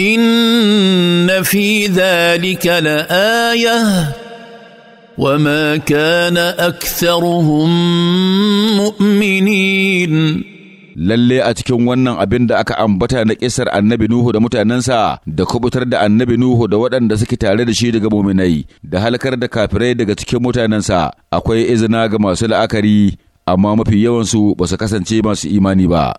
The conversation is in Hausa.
ان في ذلك لايه وما كان اكثرهم مؤمنين lalle a cikin wannan abin da aka ambata na kisar annabi Nuhu da mutanensa da kubutar da annabi Nuhu da waɗanda suke tare da shi daga muminai da halkar da kafirai daga cikin mutanensa akwai izina ga masu la'akari amma mafi yawansu ba su kasance masu imani ba.